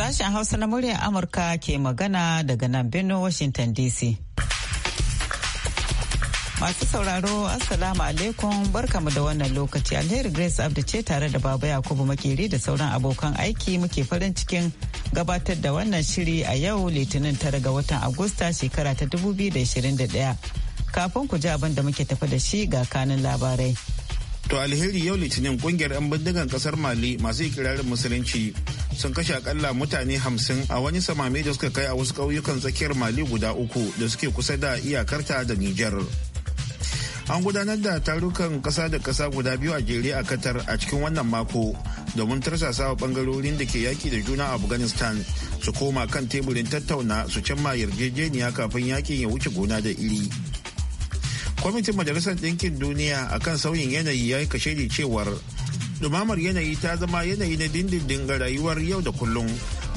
Sashen Hausa na muryar Amurka ke magana daga nan Benin, Washington DC. Masu sauraro, Assalamu alaikum barkamu da wannan lokaci. Alheri Grace Abdu ce tare da Baba Yakubu Makeri da sauran abokan aiki muke farin cikin gabatar da wannan shiri a yau Litinin tara ga watan Agusta shekara ta 2021. Kafin ku ji abin da muke tafi da shi ga kanin labarai. To alheri yau litinin kungiyar 'yan bindigan kasar Mali masu ikirarin musulunci sun kashe akalla mutane hamsin a wani samame da suka kai a wasu ƙauyukan tsakiyar Mali guda uku da suke kusa da iyakarta da Nijar. An gudanar da tarukan ƙasa da ƙasa guda biyu a jere a Qatar a cikin wannan mako domin tarsasawa bangarorin da ke yaki da juna a Afghanistan su koma kan teburin tattauna su cimma yarjejeniya kafin yakin ya wuce gona da iri. kwamitin majalisar ɗinkin duniya akan sauyin yanayi ya yi da cewar dumamar yanayi ta zama yanayi na dindindin ga rayuwar yau da kullum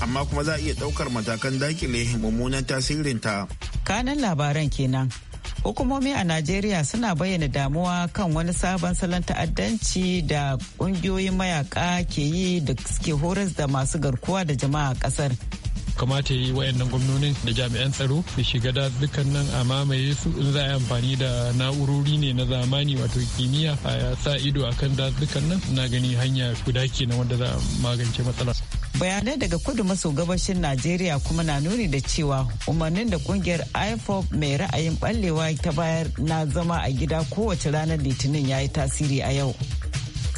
amma kuma za a iya ɗaukar matakan dakile mummunan tasirinta kanan labaran kenan hukumomi a najeriya suna bayyana damuwa kan wani sabon salon ta'addanci da ƙungiyoyin mayaka ke yi da suke horas da masu garkuwa da jama'a a ƙasar kamata yi wa'annan gwamnonin da jami'an tsaro su shiga da nan a mamaye su in za a yi amfani da na'urori ne na zamani wato kimiyya a sa ido a kan nan na gani hanya guda na wanda za a magance matsalar. bayanai daga kudu maso gabashin najeriya kuma na nuni da cewa umarnin da kungiyar ifop mai ra'ayin ballewa ta bayar na zama a gida kowace ranar litinin ya yi tasiri a yau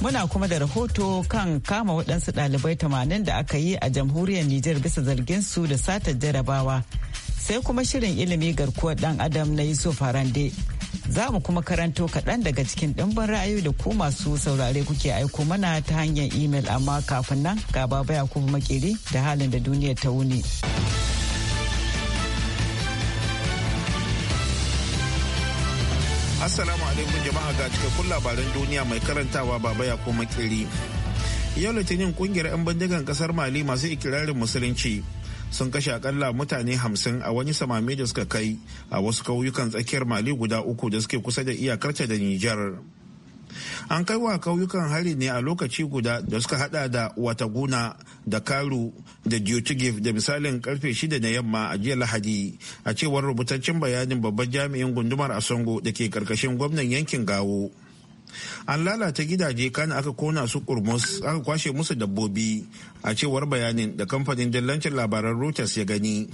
Muna kuma da rahoto kan kama waɗansu ɗalibai tamanin da aka yi a jamhuriyar Nijar bisa zargin su da sata jarabawa. Sai kuma shirin ilimi garkuwar ɗan Adam na Yusuf farande Za mu kuma karanto kaɗan daga cikin ɗimbin ra'ayoyi da ku masu saurare kuke aiko mana ta hanyar imel amma kafin nan ga baba kuma Makeri da halin da duniyar ta wuni. Assalamu alaikum jama'a ga cikakkun labaran duniya mai karantawa baba ya kuma kiri. Yau litinin kungiyar 'yan bindigan kasar Mali masu ikirarin musulunci sun kashe akalla mutane hamsin a wani samame da suka kai a wasu kauyukan tsakiyar Mali guda uku da suke kusa da iyakar ta da Nijar. an kai wa kauyukan hari ne a lokaci guda da suka hada da wataguna da karu da jyotigif da misalin karfe shida na yamma a jiya lahadi a cewar rubutaccen bayanin babban jami'in gundumar asongo da ke karkashin gwamnan yankin gawo an lalata gidaje kana aka kona su kurmus aka kwashe musu dabbobi a cewar bayanin da kamfanin dillancin labaran reuters ya gani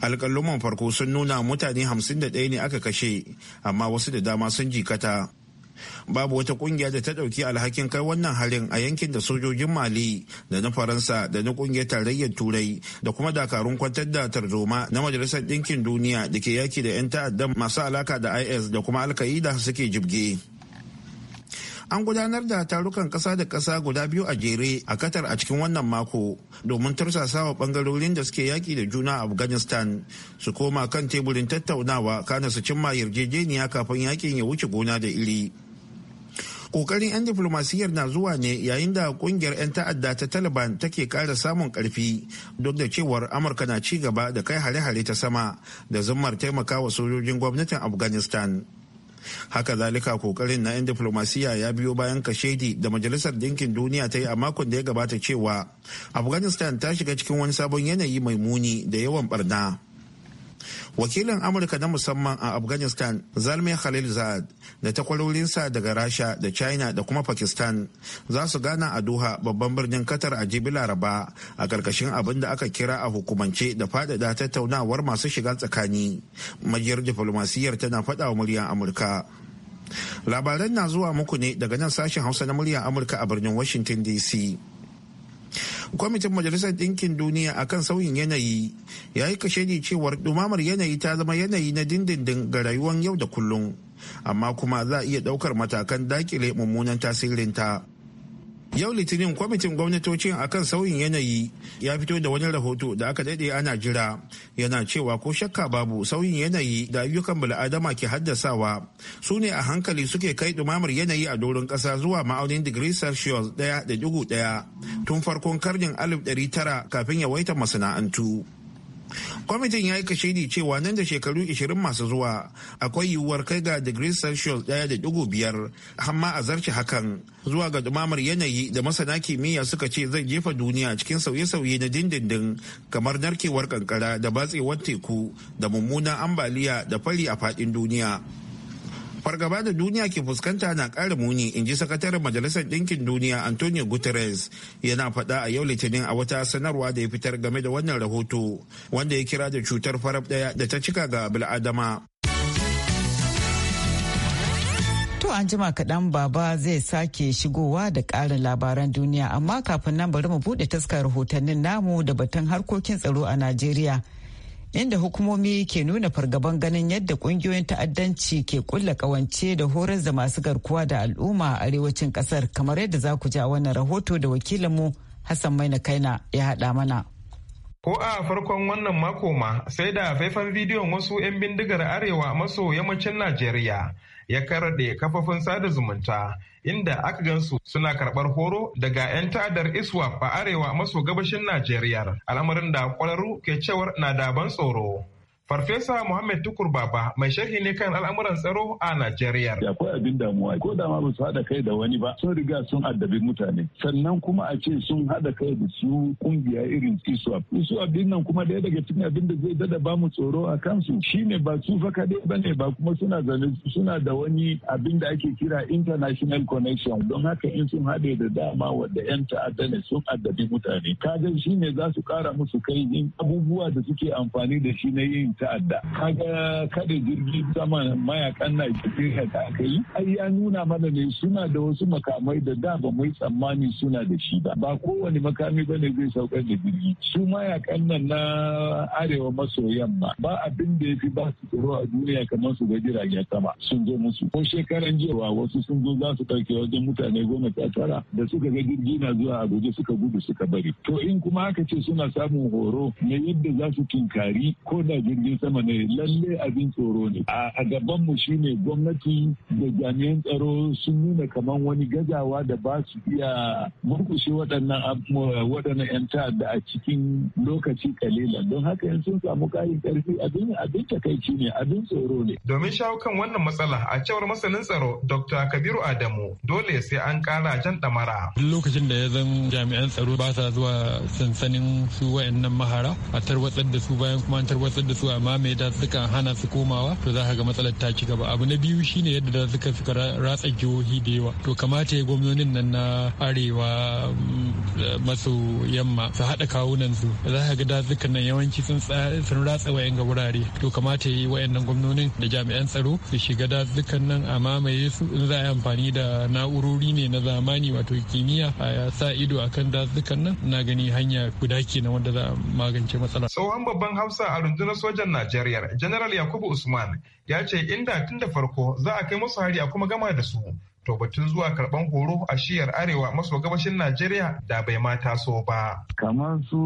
alƙalluman farko sun nuna mutane 51 ne aka kashe amma wasu da dama sun jikata babu wata kungiya da ta dauki alhakin kai wannan harin a yankin da sojojin mali da na faransa da na kungiyar tarayyar turai da kuma dakarun kwantar da tarzoma na majalisar dinkin duniya da ke yaki da 'yan ta'adda masu alaka da is da kuma alka'ida suke jibge an gudanar da tarukan ƙasa da ƙasa guda biyu a jere a Qatar a cikin wannan mako domin tursasawa bangarorin da suke yaki da juna a Afghanistan su koma kan teburin tattaunawa kana su cimma yarjejeniya kafin yakin ya wuce gona da iri. kokarin 'yan diflomasiyyar na zuwa ne yayin da kungiyar 'yan ta'adda ta taliban take kara samun karfi duk da cewar amurka na ci gaba da kai hare-hare ta sama da zummar taimakawa sojojin gwamnatin afghanistan haka zalika kokarin na 'yan diflomasiyya ya biyo bayan kashedi da majalisar dinkin duniya ta yi a makon da ya gabata cewa afghanistan ta shiga cikin wani sabon yanayi mai muni da yawan barna wakilin amurka na musamman a afghanistan zalmi khalil zaad da takwarorinsa daga rasha da china da kuma pakistan za su gana a doha babban birnin qatar a jibi laraba a karkashin abin da aka kira a hukumance da faɗaɗa tattaunawar masu shiga tsakani majiyar diflomasiyyar tana faɗa wa muryar amurka labaran na zuwa muku ne daga nan sashen hausa na muryar amurka a birnin washington dc kwamitin majalisar ɗinkin duniya akan sauyin yanayi ya yi ni cewar ɗumamar yanayi ta zama yanayi na dindindin ga rayuwar yau da kullum amma kuma za a iya ɗaukar matakan dakile mummunan tasirinta yau litinin kwamitin gwamnatocin kan sauyin yanayi ya fito da wani rahoto da aka daɗe ana jira yana cewa ko shakka babu sauyin yanayi da ayyukan bala'adama ke haddasawa su ne a hankali suke kai ɗumamar yanayi a doron ƙasa zuwa ma'aunin digiri celsius ɗaya da digo ɗaya tun farkon karnin alif ɗari tara kafin yawaitar masana'antu kwamitin ya yi kashedi cewa nan da shekaru 20 masu zuwa akwai yiwuwar kai ga digiri celsius ɗaya da biyar amma a zarce hakan zuwa ga dumamar yanayi da masana kimiyya suka ce zai jefa duniya cikin sauye-sauye na dindindin kamar narkewar kankara da batsewar teku da mummunan ambaliya da fari a faɗin duniya fargaba da duniya ke fuskanta na ƙara muni in ji sakataren majalisar ɗinkin duniya antonio guterres yana faɗa a yau litinin a wata sanarwa da ya fitar game da wannan rahoto wanda ya kira da cutar farab ɗaya da ta cika ga bil'adama To an jima kaɗan baba zai sake shigowa da ƙarin labaran duniya amma kafin nan bari mu buɗe taskar rahotannin namu da batun harkokin tsaro a Najeriya. inda hukumomi ke nuna fargaban ganin yadda kungiyoyin ta'addanci ke kulla kawance da horar da masu garkuwa da al'umma a arewacin kasar kamar yadda za ku ja wannan rahoto da wakilinmu hassan kai na ya haɗa mana Ko a farkon wannan mako ma sai da faifan bidiyon wasu 'yan bindigar arewa maso yammacin Najeriya ya karaɗe kafafun sada zumunta inda aka gansu suna karɓar horo daga 'yan tadar iswa a arewa maso gabashin najeriya al'amarin da kwararru ke cewar na daban tsoro Farfesa Muhammad Tukur Baba mai sharhi ne kan al'amuran tsaro a Najeriya. Akwai abin damuwa ko da ma ba su haɗa kai da wani ba sun riga sun addabi mutane sannan kuma a ce sun haɗa kai da su kungiya irin ISWAP. ISWAP din nan kuma ɗaya daga cikin abin da zai dada ba mu tsoro a kansu shine ba su fa kaɗai ba ne ba kuma suna zane suna da wani abin da ake kira international connection don haka in sun haɗe da dama wadda 'yan ta'adda ne sun addabi mutane. Kagan shine za su ƙara musu kai abubuwa da suke amfani da shi na yin ta'adda kaga kada jirgi sama mayakan Najeriya da aka yi ai ya nuna mana ne suna da wasu makamai da da ba mai tsammani suna da shi ba ba kowane makami bane zai saukar da jirgi su mayakan nan na arewa maso yamma ba abin da yafi ba su tsoro a duniya kamar su ga jiragen sama sun zo musu ko shekaran jewa wasu sun zo za su ɗauke wajen mutane goma sha tara da suka ga jirgi na zuwa a guje suka gudu suka bari to in kuma aka ce suna samun horo na yadda za su tunkari ko da jirgi jirgin sama ne lalle abin tsoro ne a gaban mu shine gwamnati da jami'an tsaro sun nuna kamar wani gazawa da ba su iya murkushe waɗannan waɗannan 'yan ta'adda a cikin lokaci kalila don haka in sun samu kayan ƙarfi abin abin takaici ne abin tsoro ne domin shawo kan wannan matsala a cewar masanin tsaro dr kabiru adamu dole sai an kara jan damara lokacin da ya zan jami'an tsaro ba sa zuwa sansanin su wayannan mahara a tarwatsar da su bayan kuma an tarwatsar da su zuwa mai dazukan hana su komawa to za ka ga matsalar ta ci gaba abu na biyu shine yadda dazuka suka ratsa jihohi da yawa to kamata ya gwamnonin nan na arewa mm, maso yamma su haɗa kawunan su za ka ga dazukan nan yawanci sun ratsa wayan ga wurare to kamata ya yi wayannan gwamnonin da jami'an tsaro su shiga dazukan nan a mamaye su in za a yi amfani da na'urori ne na zamani wato kimiyya a sa ido akan dazukan nan na gani hanya guda kenan wanda za a magance matsala. tsohon babban hausa a rundunar soja sojan Najeriya General Yakubu Usman ya ce inda tun da farko za a kai musu hari a kuma gama da su to batun zuwa karban horo a shiyar arewa maso gabashin najeriya da bai ma taso ba kamar su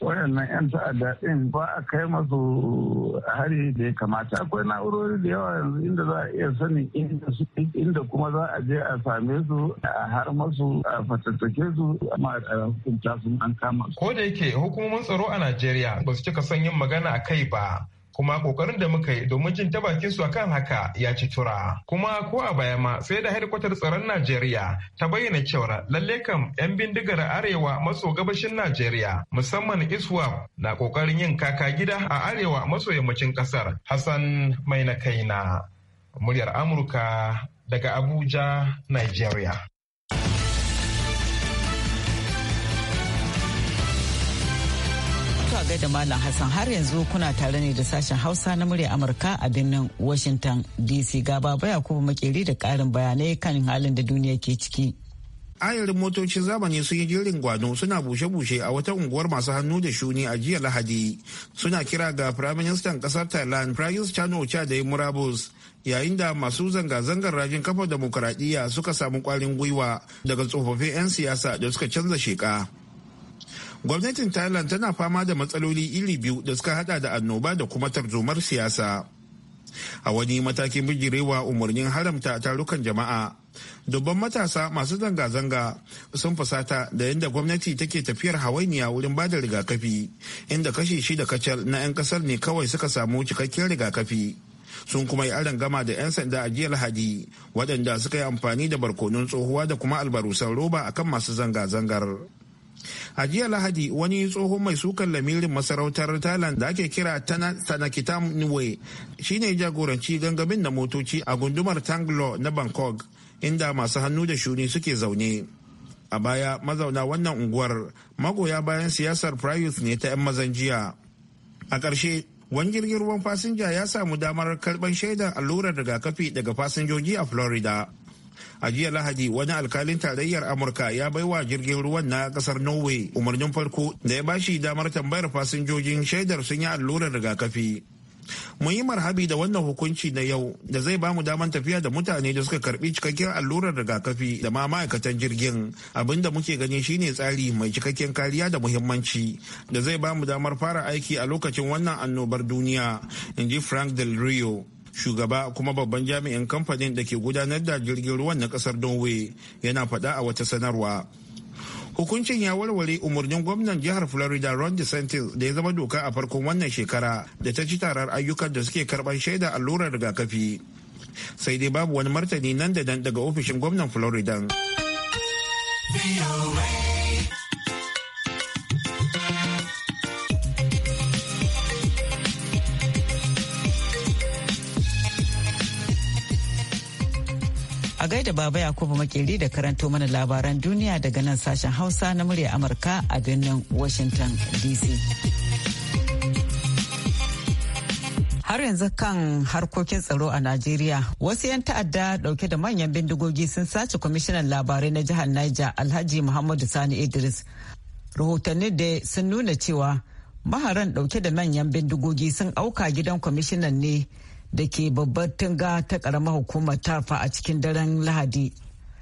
waɗannan 'yan ta'adda ɗin ba a kai masu hari da ya kamata akwai na'urori da yawa yanzu inda za a iya sani, inda kuma za a je a same su a har masu a fatattake su amma a hukunta su an kama su ko da yake hukumomin tsaro a najeriya ba su cika son yin magana a kai ba kuma kokarin da muka yi domin jin ta bakin su akan haka ya ci tura kuma ko a baya ma sai da hedkwatar tsaron Najeriya ta bayyana cewa lalle kam yan bindigar arewa maso gabashin Najeriya musamman ISWAP na kokarin yin kaka gida a arewa maso yammacin kasar Hassan Maina kaina muryar Amurka daga Abuja Nigeria da Malam Hassan har yanzu kuna tare ne da sashen Hausa na murya Amurka a birnin Washington DC gaba ya kuma makeri da karin bayanai kan halin da duniya ke ciki. Ayarin motocin zamani sun yi jerin gwano suna bushe-bushe a wata unguwar masu hannu da shuni a jiya Lahadi. Suna kira ga Firaministan kasar Thailand Prayut Chan Ocha da Murabus yayin da masu zanga-zangar rajin kafa demokuraɗiyya suka samu ƙwarin gwiwa daga tsofaffin 'yan siyasa da suka canza sheka. gwamnatin thailand tana fama da matsaloli iri biyu da suka hada da annoba da kuma tarzomar siyasa a wani matakin bijirewa umarnin haramta tarukan jama'a dubban matasa masu zanga-zanga sun fusata da yadda gwamnati take tafiyar hawainiya wurin bada rigakafi inda kashi da kacal na 'yan kasar ne kawai suka samu cikakken rigakafi sun kuma yi aron gama da 'yan sanda a jiya lahadi waɗanda suka yi amfani da barkonun tsohuwa da kuma albarusan roba akan masu zanga-zangar a jiya lahadi wani tsohon mai sukan lamirin masarautar thailand da ake kira tanakitam niwe shine jagoranci gangamin na motoci a gundumar tanglo na bangkok inda masu hannu da shuni suke zaune a baya mazauna wannan unguwar magoya bayan siyasar prius ne ta 'yan mazan jiya a ƙarshe wani jirgin ruwan fasinja ya samu damar karɓar shaidar allurar rigakafi daga fasinjoji a florida a jiya lahadi wani alkalin tarayyar amurka ya baiwa jirgin ruwan na kasar norway umarnin farko da ya bashi damar tambayar fasinjojin shaidar sun yi allurar rigakafi mun yi marhabi da wannan hukunci na yau da zai bamu daman tafiya da mutane da suka karbi cikakken allurar rigakafi da ma ma'aikatan jirgin abinda muke gani shine tsari mai cikakken kariya da muhimmanci da zai bamu damar fara aiki a lokacin wannan annobar duniya in ji frank del rio shugaba kuma babban jami'in kamfanin da ke gudanar da jirgin ruwan na kasar norway yana faɗa a wata sanarwa hukuncin ya warware umarnin gwamnan jihar florida ron desantis da ya zama doka a farkon wannan shekara da ta ci tarar ayyukan da suke karɓar shaida allurar rigakafi sai dai babu wani martani nan da nan daga ofishin gwamnan florida. da Baba Yakubu Makeri da karanto mana labaran duniya daga nan sashen Hausa na murya Amurka a birnin Washington DC. Har yanzu kan harkokin tsaro a Najeriya, wasu 'yan ta'adda dauke da manyan bindigogi sun sace kwamishinan labarai na jihar Niger Alhaji Muhammadu Sani Idris. Rahotanni da sun nuna cewa maharan dauke da manyan bindigogi sun auka gidan kwamishinan ne. da ke babbar tunga ta karamar hukumar tarfa a cikin daren lahadi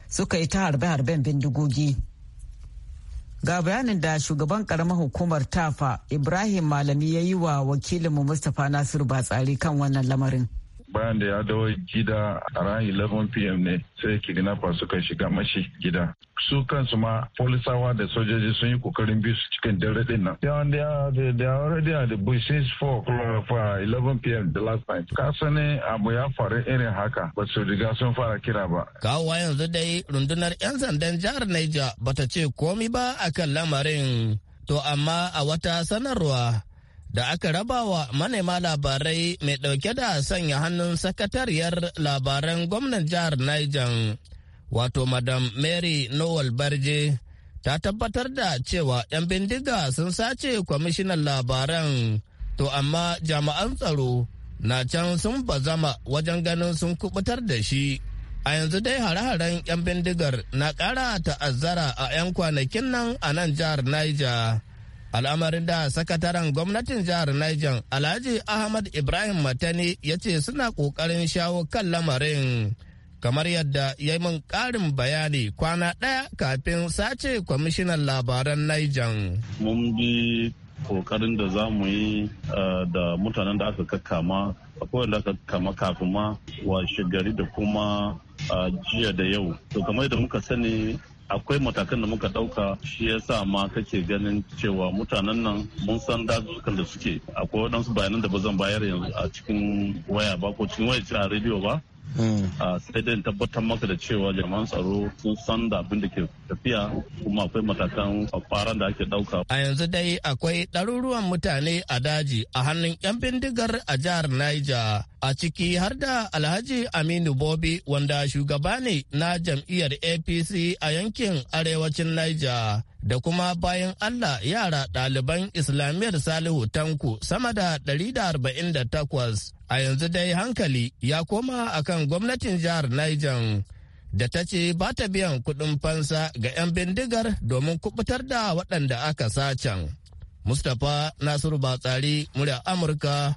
suka yi ta harbe-harben bindigogi ga bayanin da shugaban karamar hukumar tafa ibrahim malami ya yi wa wakilinmu mustapha nasiru batsari kan wannan lamarin bayan da ya dawo gida a ran 11 pm ne sai kidnapper suka shiga mashi gida su kansu ma polisawa da sojoji sun yi kokarin bi su cikin dare din nan they are already at the bush since 4 o'clock 11 uh, pm the last night ka sani abu ya faru irin haka ba su riga sun fara kira ba kawowa yanzu dai rundunar yan sandan jihar Niger bata ce komi ba akan lamarin to amma a wata sanarwa da aka raba wa manema labarai mai ɗauke da sanya hannun sakatariyar labaran gwamnan jihar Niger, wato Madam Mary noel Barje, ta tabbatar da cewa 'yan bindiga sun sace kwamishinan labaran, to amma jami'an tsaro na can sun bazama wajen ganin sun kubutar da shi. A yanzu dai hare-haren 'yan bindigar na ƙara ta'azzara a 'yan kwanakin nan a nan jihar Niger. al'amarin da sakataren gwamnatin jihar Niger Alhaji Ahmad Ibrahim Matani ya ce suna ƙoƙarin shawo kan lamarin kamar yadda ya yi min ƙarin bayani kwana ɗaya kafin sace kwamishinan labaran Niger. Mun bi ƙoƙarin da za mu yi eh, da mutanen da aka kakkama akwai wanda aka kama kafin ma washe gari da kuma eh, jiya da yau. To kamar da muka sani akwai matakan da muka ɗauka shi yasa ma kake ganin cewa mutanen nan mun san dazukan da suke akwai waɗansu bayanan da ba zan bayar yanzu a cikin waya ba ko cikin waya a rediyo ba Ah, sai dai tabbatar maka da cewa jama'an tsaro sun san da abin da ke tafiya kuma akwai matakan faran da ake dauka a yanzu dai akwai ɗaruruwan mutane a daji a hannun 'yan bindigar a jihar niger a ciki har da alhaji aminu bobi wanda shugaba ne na jam'iyyar apc a yankin arewacin niger da kuma bayan Allah yara ɗaliban Islamiyyar Salihu tanku sama da 148 a yanzu dai hankali ya koma akan gwamnatin jihar Niger da ta ce ba ta biyan kuɗin fansa ga 'yan bindigar domin kubutar da waɗanda aka sacen. Mustapha Nasiru Batsari, murya Amurka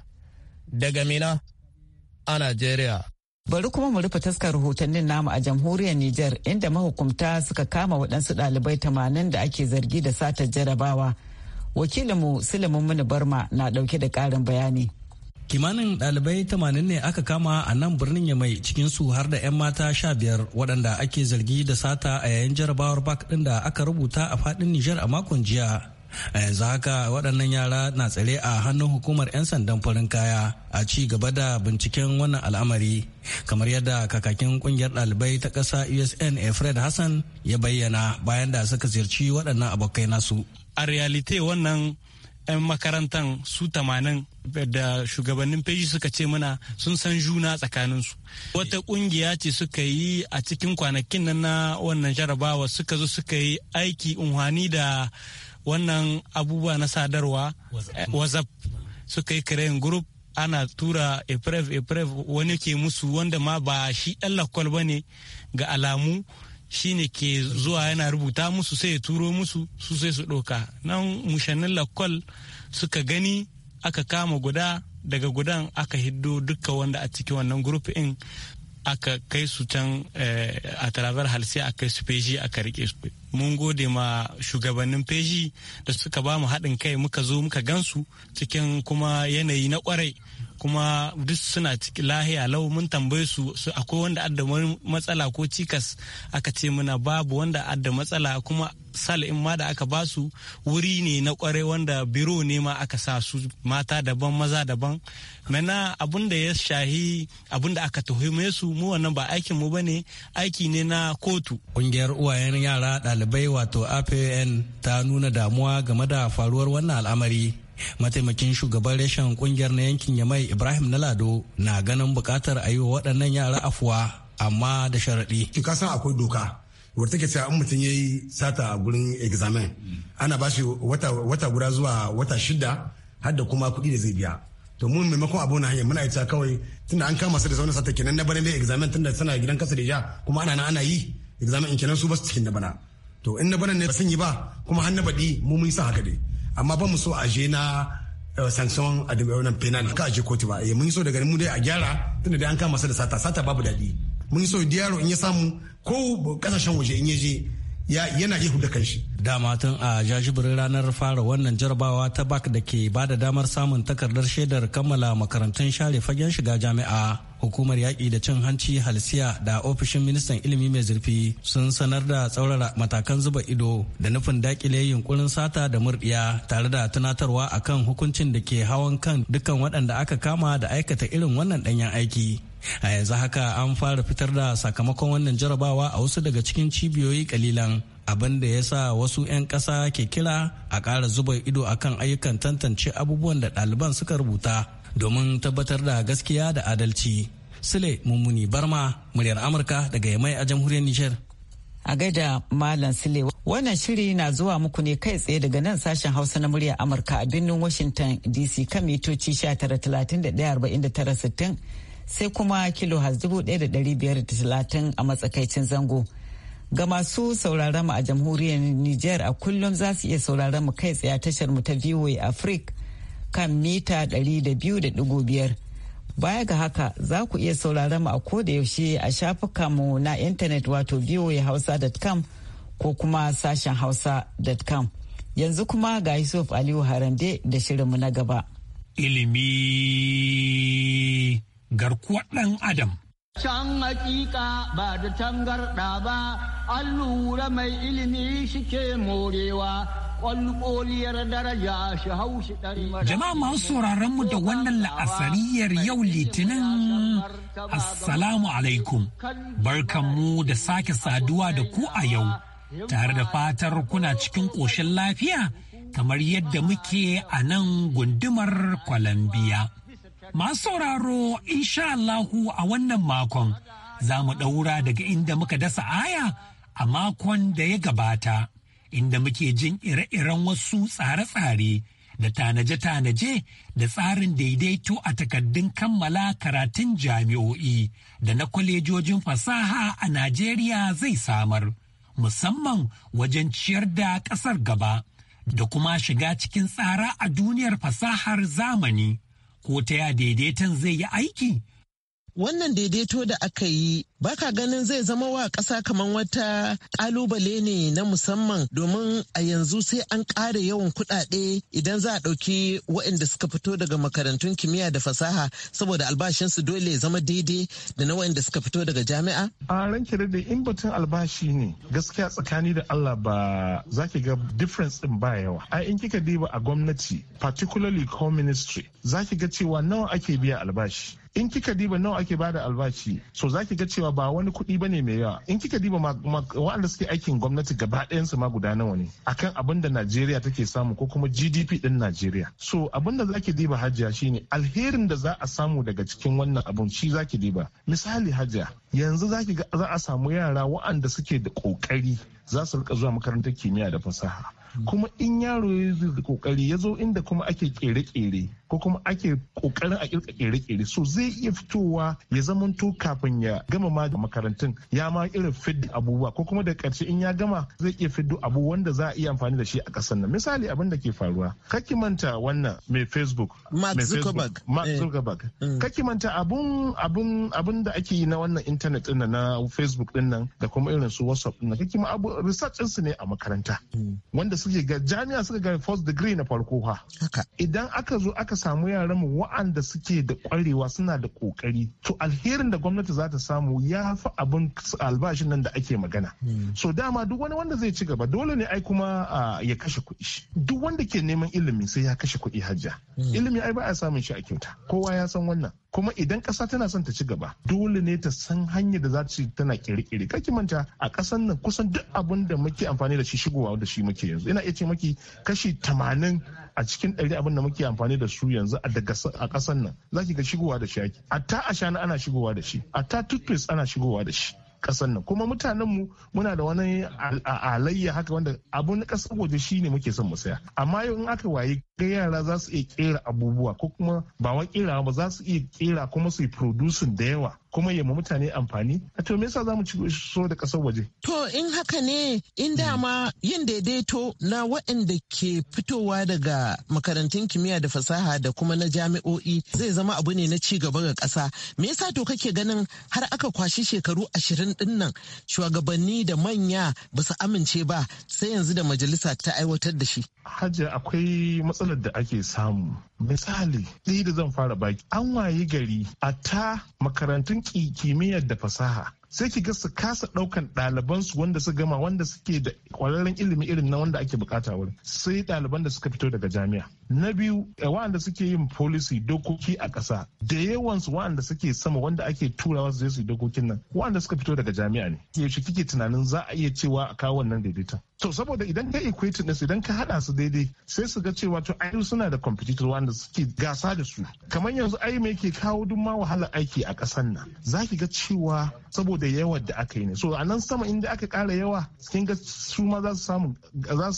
daga Mina a Najeriya. Bari kuma mu rufe taskar rahotannin namu a jamhuriyar Nijar inda mahukumta suka kama waɗansu ɗalibai tamanin da ake zargi da satar jarabawa. Wakilinmu Sulemin Muni Barma na ɗauke da ƙarin bayani. Kimanin ɗalibai tamanin ne aka kama a nan birnin Yamai cikin su har da 'yan mata sha biyar waɗanda ake zargi da sata a yayin jarabawar bak ɗin da aka rubuta a faɗin Nijar a makon jiya a yanzu haka waɗannan yara na tsare a hannun hukumar 'yan sandan farin kaya a ci gaba da binciken wannan al'amari kamar yadda kakakin kungiyar ɗalibai ta ƙasa usn fred hassan ya bayyana bayan da suka ziyarci waɗannan abokai nasu a realite wannan 'yan makarantar su tamanin da shugabannin feji suka ce mana sun san juna tsakaninsu wata kungiya ce suka yi a cikin kwanakin nan na wannan jarabawa suka zo suka yi aiki unhani da wannan abubuwa na sadarwa whatsapp eh, suka yi kiran group ana tura eprev eprev wani ke musu wanda ma ba shi ɗan lakwal ba ne ga alamu shine ke zuwa yana rubuta musu sai ya turo musu su sai su ɗoka nan mushannin lakwal suka gani aka kama guda daga gudan aka hiddo duka wanda a cikin wannan gurup. aka kai su can eh, a talabar halsi a kai su feji aka rike su mun gode ma shugabannin feji da suka ba mu haɗin kai muka zo muka gansu cikin kuma yanayi na kwarai kuma duk suna cikin lahiya lau mun tambaye su akwai wanda adda matsala ko cikas aka ce muna babu wanda adda matsala kuma sal in ma da aka basu wuri ne na kware wanda biro ne ma aka sa su mata daban maza daban mana abun da ya shahi abun da aka tuhume su mu wannan ba aikin mu bane aiki ne na kotu kungiyar uwayen yara dalibai wato APN ta nuna damuwa game da faruwar wannan al'amari mataimakin shugaban reshen kungiyar na yankin yamai ibrahim na lado na ganin bukatar a yi wa waɗannan yara afuwa amma da sharaɗi. ka san akwai doka wata take cewa an mutum ya yi sata a gurin examen ana ba shi wata guda zuwa wata shida har da kuma kuɗi da zai biya to mun maimakon abu na hanyar muna ita kawai tunda an kama su da sauran sata kenan na bana da examen tunda tana gidan kasa da ja kuma ana na ana yi examen in kenan su ba su cikin na bana to in na bana ne ba sun yi ba kuma har na baɗi mu mun yi sa haka dai amma ba mu so a je na eh, sanction a eh, da wannan penal ka aje kotu ba eh, mun so daga mu dai a gyara tunda dai an kama masa da sata sata babu dadi mun so diyaro in ya samu ko kasashen waje in ya je yana ihu da kanshi dama tun a jajibirin ranar fara wannan jarabawa ta bak da ke bada damar samun takardar shaidar kammala makarantun share fagen shiga jami'a hukumar yaƙi da cin hanci halsiya da ofishin ministan ilimi mai zurfi sun sanar da tsaurara matakan zuba ido da nufin dakile yunkurin sata da murɗiya tare da tunatarwa akan hukuncin da ke hawan kan dukkan waɗanda aka kama da aikata irin wannan ɗanyen aiki a yanzu haka an fara fitar da sakamakon wannan jarabawa a wasu daga cikin cibiyoyi kalilan abin da ya sa wasu 'yan ƙasa ke kira a ƙara zuba ido akan ayyukan tantance abubuwan da ɗaliban suka rubuta domin tabbatar da gaskiya da adalci. Sule Mummuni Barma, muryar Amurka daga Yamai a jamhuriyar Nijar. a gaida Malam Sule. Wannan shiri na zuwa muku ne kai tsaye daga nan sashen Hausa na muryar Amurka a birnin Washington DC kan mitoci 19,31,49,60 sai kuma kilo talatin a matsakaicin zango. Ga masu sauraron mu a jamhuriyar Nijar a kullum za su iya sauraron mu kai tsaye a tashar mu ta VOA Africa kan mita 200.5. Baya ga haka za ku iya sauraron mu a koda yaushe a shafukanmu na intanet wato voahausa.com ko kuma sashen hausa.com. Yanzu kuma ga Yusuf Aliyu Harande da shirinmu na gaba. Ilimi garkuwar ɗan Adam. Can hakika ba da tangarɗa ba, an lura mai ilimi shike morewa Jama'a masu sauraron mu da wannan la'asariyar yau litinin Assalamu alaikum. Barkanmu da sake saduwa da ku a yau. Tare da fatar kuna cikin ƙoshin lafiya kamar yadda muke a nan gundumar kwalambiya. Masu sauraro, insha Allahu a wannan makon, za mu ɗaura daga inda muka dasa aya a makon da ya gabata. inda muke jin ire-iren wasu tsare-tsare da tanaje-tanaje da tsarin daidaito a takaddun kammala karatun jami'o'i da na kwalejojin fasaha a Najeriya zai samar, musamman wajen ciyar da ƙasar gaba da kuma shiga cikin tsara a duniyar fasahar zamani. Ko ta ya daidaiton zai yi aiki wannan daidaito da aka yi baka ganin zai zama wa ƙasa kamar wata ƙalubale ne na musamman domin a yanzu sai an ƙara yawan kuɗaɗe idan za a ɗauki waɗanda suka fito daga makarantun kimiyya da fasaha saboda albashinsu dole zama daidai da na waɗanda suka fito daga jami'a? a ranke da in batun albashi ne gaskiya tsakani da allah ba za ki ga difference ɗin ba yawa A in kika diba a gwamnati particularly co ministry za ki ga cewa nawa ake biya albashi in kika diba nawa ake bada albashi so za ki ga cewa ba wani kuɗi ne mai yawa in kika diba waɗanda suke aikin gwamnati gaba ɗayan su ma guda nawa ne akan abin da Najeriya take samu ko kuma GDP ɗin Najeriya so abin da za ki diba hajiya shine alherin da za a samu daga cikin wannan abun shi za ki diba misali hajiya yanzu ki ga za a samu yara waɗanda suke da ƙoƙari za su rika zuwa makarantar kimiyya da fasaha Mm. kuma in yaro ya zai kokari ya zo inda kuma ake kere-kere ko kuma ake kokarin a kirka kere-kere so zai iya fitowa ya zama to kafin ya gama ma makarantun ya ma irin fidda abubuwa ko kuma da karshe in ya gama zai iya fiddo abu wanda za a iya amfani da shi a kasar nan misali abin da ke faruwa kaki manta wannan mai facebook mark zuckerberg mark eh. mm. kaki manta abun abun abun da ake yi na wannan internet din na facebook din nan da kuma irin su whatsapp din nan kaki ma abu research su ne a makaranta mm. wanda suke jami'a suka ga first degree na farko ha idan aka zo aka samu yaran mu wa'anda suke da kwarewa suna da kokari to alherin da gwamnati za ta samu ya fi abin albashin nan da ake magana hmm. so dama duk wani wanda zai ci gaba dole ne ai kuma ya kashe kuɗi duk wanda ke neman ilimi sai ya kashe kuɗi hajja hmm. ilimi ai ba a samun shi a kyauta kowa ya san wannan kuma idan kasa tana son ta ci gaba dole ne ta san hanyar da za ta tana kirkiri kake manta a ƙasan nan kusan duk abin da muke amfani da shi shigowa da shi muke yanzu ina iya ce maki kashi tamanin a cikin ɗari abin da muke amfani da su yanzu a ƙasan nan zaki ga shigowa da shi ake a ta ashana ana shigowa da shi a ta toothpaste ana shigowa da shi kasan nan kuma mutanen mu muna da wani alayya haka wanda abun kasar waje shine muke son mu saya amma yau in aka waye ta yara za su iya kera abubuwa ko kuma ba wa kera ba za su iya kera kuma su yi produsin da yawa kuma ya ma mutane amfani a to me yasa za mu ci so da kasar waje to in haka ne in dama yin daidaito na waɗanda ke fitowa daga makarantun kimiyya da fasaha da kuma na jami'o'i zai zama abu ne na ci gaba ga ƙasa me yasa to kake ganin har aka kwashi shekaru ashirin din nan shugabanni da manya ba su amince ba sai yanzu da majalisa ta aiwatar da shi hajja akwai matsalar matsalar da ake samu misali ɗaya da zan fara baki an waye gari a ta makarantun kimiyyar da fasaha sai ki ga su kasa daukan ɗalibansu wanda su gama wanda suke da kwararren ilimi irin na wanda ake bukata wurin sai ɗaliban da suka fito daga jami'a na biyu eh, waɗanda suke yin policy dokoki a ƙasa da yawansu waɗanda suke sama wanda ake turawa su je su dokokin nan waɗanda suka fito daga jami'a ne yaushe kike tunanin za a iya cewa a kawo wannan daidaiton to saboda idan ka equate ɗinsu idan ka haɗa su daidai sai su ga cewa to ai suna da competitor wanda suke gasa da su kamar yanzu ai me ke kawo duk ma wahalar aiki a ƙasar nan za ga cewa saboda da yawan da aka yi ne so a nan sama inda aka kara yawa cikin ga su ma za su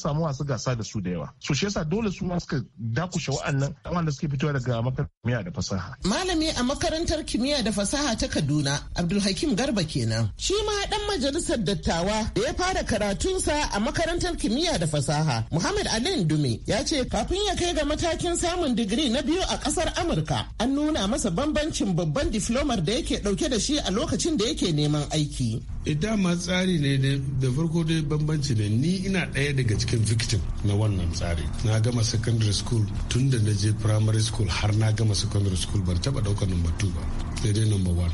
samu wasu gasa da su da yawa so shi yasa dole su ma suka dakushe wa'annan wanda suke fitowa daga makarantar kimiyya da fasaha malami a makarantar kimiyya da fasaha ta Kaduna Abdulhakim Garba kenan shi ma dan majalisar dattawa da ya fara karatunsa a makarantar kimiyya da fasaha Muhammad Alin Dume ya ce kafin ya kai ga matakin samun digiri na biyu a kasar Amurka an nuna masa bambancin babban diflomar da yake dauke da shi a lokacin da yake nema. neman aiki ita eh, ma tsari ne da farko dai bambanci ne ni ina ɗaya daga cikin victim na wannan tsari na gama secondary school tun da na je primary school har na gama secondary school ban taba ɗaukar number 2 ba sai dai number 1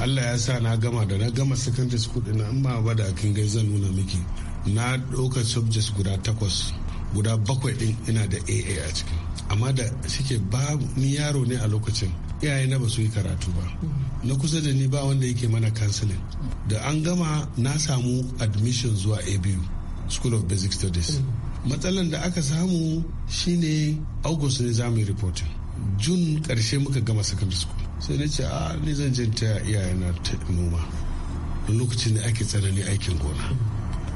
Allah ya sa na gama da na gama secondary school ɗin amma ba da kin gai zan nuna miki na ɗauka subjects guda takwas guda bakwai din ina da aa a ciki amma da suke ba ni yaro ne a lokacin iyaye na ba su yi karatu ba na kusa da ni ba wanda yake mana counseling da an gama na samu admission zuwa abu school of basic studies matsalan da aka samu shine august ne za mu yi reporting jun karshe muka gama secondary school sai na ce a ah, ni zan jin ta iyayena ta noma lokacin da ake tsanani aikin gona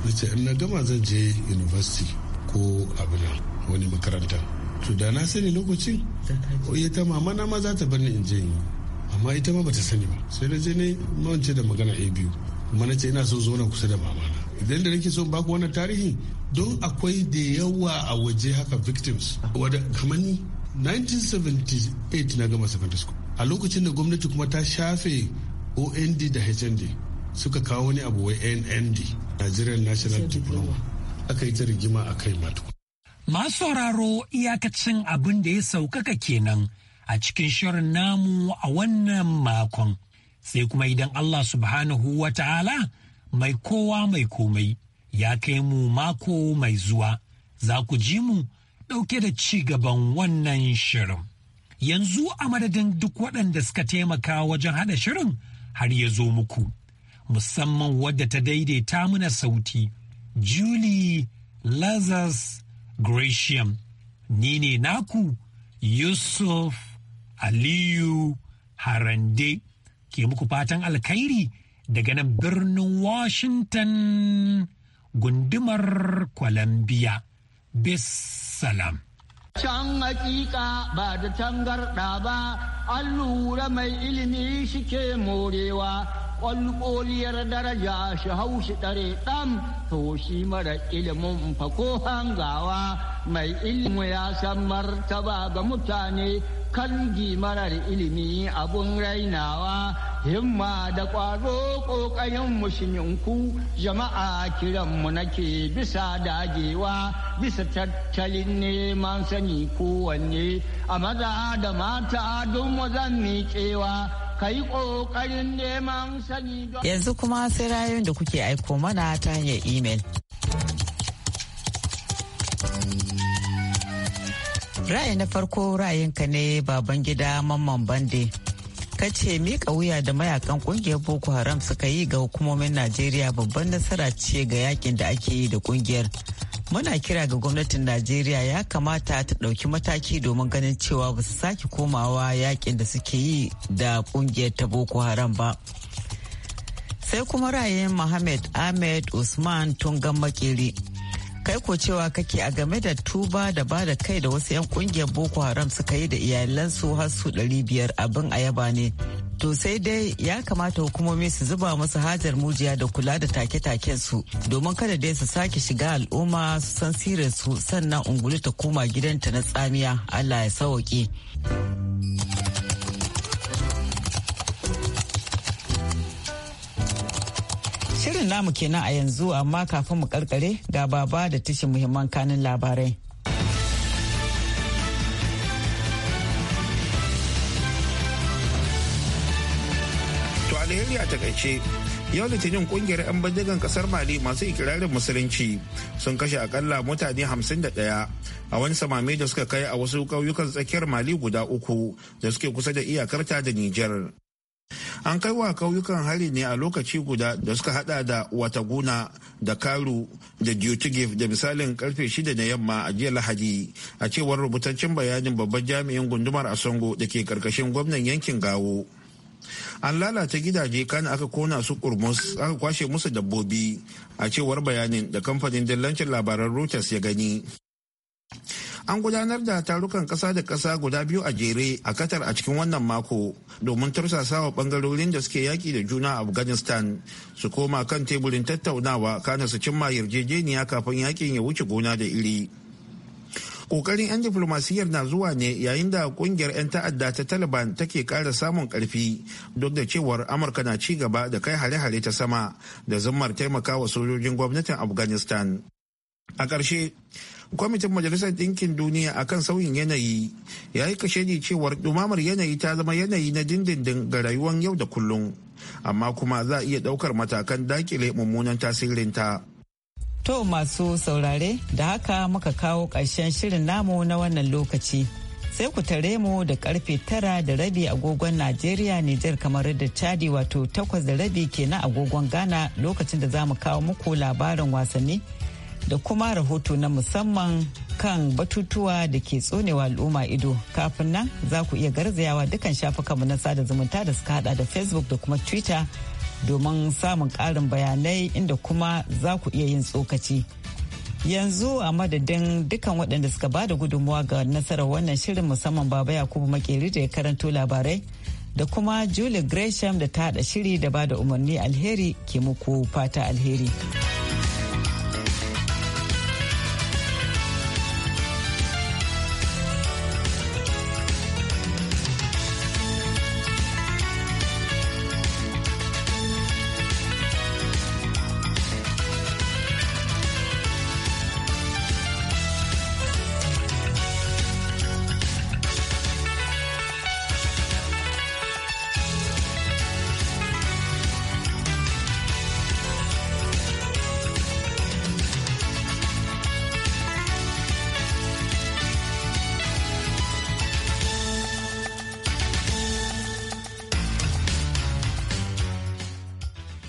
na ce in na gama zan je university ko abu ne wani makaranta to da na sani lokacin ya ta mama na ma za ta bar ni in je yi amma ita ma bata sani ba sai na je ne mawance da magana a biyu kuma na ce ina so zauna kusa da mama na idan da nake son baku wannan tarihi don akwai da yawa a waje haka victims wadda kamar ni 1978 na gama secondary school a lokacin da gwamnati kuma ta shafe ond da hnd suka kawo wani abu wai nnd nigerian national diploma aka yi ta rigima a kai matu. Masu sauraro iyakacin abin da ya saukaka kenan a cikin shirin namu a wannan makon. Sai kuma idan Allah subhanahu wa ta'ala mai kowa mai komai ya kai mu mako mai zuwa za ku ji mu ɗauke da ci gaban wannan shirin. Yanzu a madadin duk waɗanda suka taimaka wajen haɗa shirin har ya zo muku, musamman wadda ta daidaita mana sauti. Julie Lazarus Gratiam. Ni ne naku Yusuf Aliyu Harande ke muku fatan alkhairi daga nan birnin Washington gundumar Columbia. Bis Can hakika ba da tangarda ba, an lura mai ilimi shike morewa. kwalkoliyar daraja shi haushi shi ɗare ɗan to shi mara ilimin fa hangawa mai ilimi ya san martaba ga mutane kangi marar ilimi abun rainawa himma da ƙwaro kokayen mushininku jama'a kiranmu nake bisa dagewa bisa tattalin neman sani kowanne a maza da mata don mu zan miƙewa kai kokarin neman sani Yanzu kuma sai rayuwar da kuke aiko mana ta hanyar imel. Ra'ayi na farko ra'ayinka ne baban gida mamman bande. Ka ce miƙa wuya da mayakan ƙungiyar Boko Haram suka yi ga hukumomin Najeriya babban nasara ce ga yakin da ake yi da ƙungiyar. muna kira ga gwamnatin najeriya ya kamata ta ɗauki mataki domin ganin cewa ba su sake komawa yakin da suke yi da kungiyar ta boko haram ba sai kuma ra'ayin mohammed ahmed usman tungan makeri kai ko cewa kake a game da tuba da ba da kai da wasu 'yan kungiyar boko haram suka yi da iyalansu har su 500 abin ayaba ne To sai dai ya kamata hukumomi su zuba masu hajar mujiya da kula da take-taken su domin kada dai su sake shiga al'umma su san sirar su sannan ungulu ta koma gidanta na tsamiya Allah ya sauke. Shirin namu kenan a yanzu amma kafin mu karkare ga baba da tashin muhimman kanin labarai. alheri a takaice yau litinin kungiyar 'yan bindigan kasar mali masu ikirarin musulunci sun kashe akalla mutane 51 a wani samame da suka kai a wasu ƙauyukan tsakiyar mali guda uku da suke kusa da iyakarta da nijar an kai wa ƙauyukan hari ne a lokaci guda da suka hada da wataguna da karu da dutugif da misalin karfe shida na yamma a jiya lahadi a cewar rubutaccen bayanin babban jami'in gundumar asongo da ke karkashin gwamnan yankin gawo an lalata gidaje kan aka kona su kurmus aka kwashe musu dabbobi a cewar bayanin da kamfanin dillancin labaran reuters ya gani an gudanar da tarukan kasa da kasa guda biyu a jere a katar a cikin wannan mako domin wa bangarorin da suke yaki da juna a afghanistan su koma kan teburin tattaunawa kana su cimma yarjejeniya kafin yakin ya wuce gona da iri kokarin 'yan diflomasiyyar na zuwa ne yayin da kungiyar 'yan ta'adda ta taliban take kara samun karfi duk da cewar amurka na ci gaba da kai hare-hare ta sama da zammar taimakawa sojojin gwamnatin afghanistan a ƙarshe kwamitin majalisar ɗinkin duniya akan sauyin yanayi ya yi ne cewar dumamar yanayi ta zama yanayi na dindindin ga rayuwar yau da kullum amma kuma za a iya ɗaukar matakan dakile mummunan tasirinta To masu saurare da haka muka kawo ƙarshen shirin namu na wannan lokaci. Sai ku tare mu da karfe tara da rabi agogon Najeriya Nijar kamar da Chadi wato takwas da rabi kenan agogon Ghana lokacin da za mu kawo muku labarin wasanni da kuma rahoto na musamman kan batutuwa da ke tsonewa al'umma ido kafin nan za ku iya garzayawa dukkan shafukanmu na sada zumunta da suka hada da facebook da kuma twitter domin samun karin bayanai inda kuma za ku iya yin tsokaci. Yanzu a madadin dukkan waɗanda suka ba da gudunmuwa ga nasarar wannan shirin musamman Baba Yakubu Makeri da ya karanto labarai da kuma Julie Gresham da ta haɗa shiri da ba da umarni alheri ke muku fata alheri.